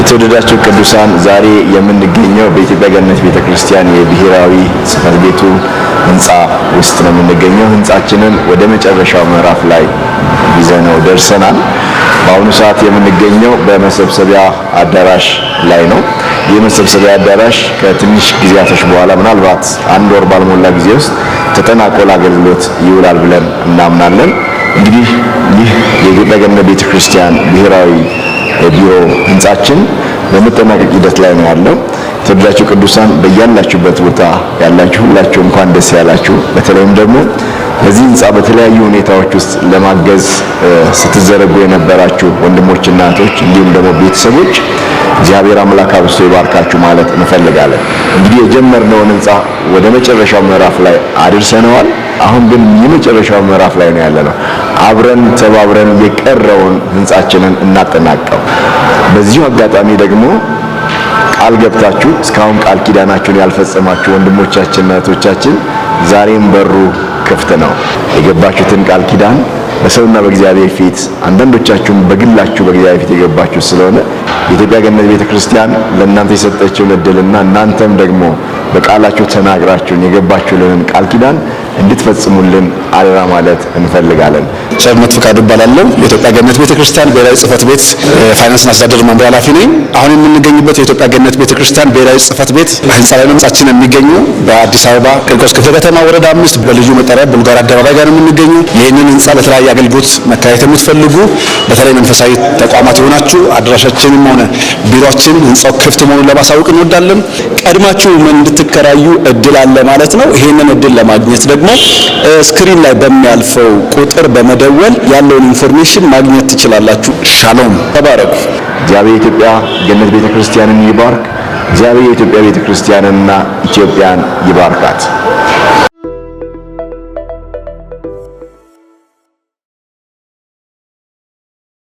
የተወደዳቸው ቅዱሳን ዛሬ የምንገኘው በኢትዮጵያ ገነት ቤተክርስቲያን የብሔራዊ ጽሕፈት ቤቱ ህንፃ ውስጥ ነው የምንገኘው። ህንፃችንን ወደ መጨረሻው ምዕራፍ ላይ ይዘነው ደርሰናል። በአሁኑ ሰዓት የምንገኘው በመሰብሰቢያ አዳራሽ ላይ ነው። ይህ መሰብሰቢያ አዳራሽ ከትንሽ ጊዜያቶች በኋላ ምናልባት አንድ ወር ባልሞላ ጊዜ ውስጥ ተጠናቆ ለአገልግሎት ይውላል ብለን እናምናለን። እንግዲህ ይህ የኢትዮጵያ ገነት ቤተክርስቲያን ብሔራዊ የቢሮ ህንጻችን በመጠናቀቅ ሂደት ላይ ነው ያለው። የተወደዳችሁ ቅዱሳን በያላችሁበት ቦታ ያላችሁ ሁላችሁ እንኳን ደስ ያላችሁ። በተለይም ደግሞ በዚህ ህንጻ በተለያዩ ሁኔታዎች ውስጥ ለማገዝ ስትዘረጉ የነበራችሁ ወንድሞች፣ እናቶች እንዲሁም ደግሞ ቤተሰቦች እግዚአብሔር አምላክ አብዝቶ ይባርካችሁ ማለት እንፈልጋለን። እንግዲህ የጀመርነውን ህንጻ ወደ መጨረሻው ምዕራፍ ላይ አድርሰነዋል። አሁን ግን የመጨረሻው ምዕራፍ ላይ ነው ያለነው። አብረን ተባብረን የቀረውን ህንጻችንን እናጠናቀው። በዚሁ አጋጣሚ ደግሞ ቃል ገብታችሁ እስካሁን ቃል ኪዳናችሁን ያልፈጸማችሁ ወንድሞቻችንና እህቶቻችን ዛሬም በሩ ክፍት ነው። የገባችሁትን ቃል ኪዳን በሰውና በእግዚአብሔር ፊት አንዳንዶቻችሁም በግላችሁ በእግዚአብሔር ፊት የገባችሁ ስለሆነ የኢትዮጵያ ገነት ቤተ ክርስቲያን ለእናንተ የሰጠችውን እድልና እናንተም ደግሞ በቃላችሁ ተናግራችሁን የገባችሁልንን ቃል ኪዳን እንድትፈጽሙልን አደራ ማለት እንፈልጋለን። ቸርነት ፍቃዱ እባላለሁ። የኢትዮጵያ ገነት ቤተክርስቲያን ብሔራዊ ጽህፈት ቤት ፋይናንስና አስተዳደር መምሪያ ኃላፊ ነኝ። አሁን የምንገኝበት የኢትዮጵያ ገነት ቤተክርስቲያን ብሔራዊ ጽህፈት ቤት ህንፃ ላይ ነው የሚገኙ በአዲስ አበባ ቂርቆስ ክፍለ ከተማ ወረዳ አምስት በልዩ መጠሪያ ቡልጋር አደባባይ ጋር ነው የምንገኙ። ይህንን ህንፃ ለተለያየ አገልግሎት መከራየት የምትፈልጉ በተለይ መንፈሳዊ ተቋማት የሆናችሁ አድራሻችንም ሆነ ቢሮችን ህንፃው ክፍት መሆኑን ለማሳወቅ እንወዳለን። ቀድማችሁ እንድትከራዩ እድል አለ ማለት ነው። ይህንን እድል ለማግኘት ደግሞ ስክሪን ላይ በሚያልፈው ቁጥር በመደወል ያለውን ኢንፎርሜሽን ማግኘት ትችላላችሁ። ሻሎም፣ ተባረኩ። እግዚአብሔር ኢትዮጵያ ገነት ቤተ ክርስቲያንን ይባርክ። እግዚአብሔር የኢትዮጵያ ቤተ ክርስቲያንና ኢትዮጵያን ይባርካት።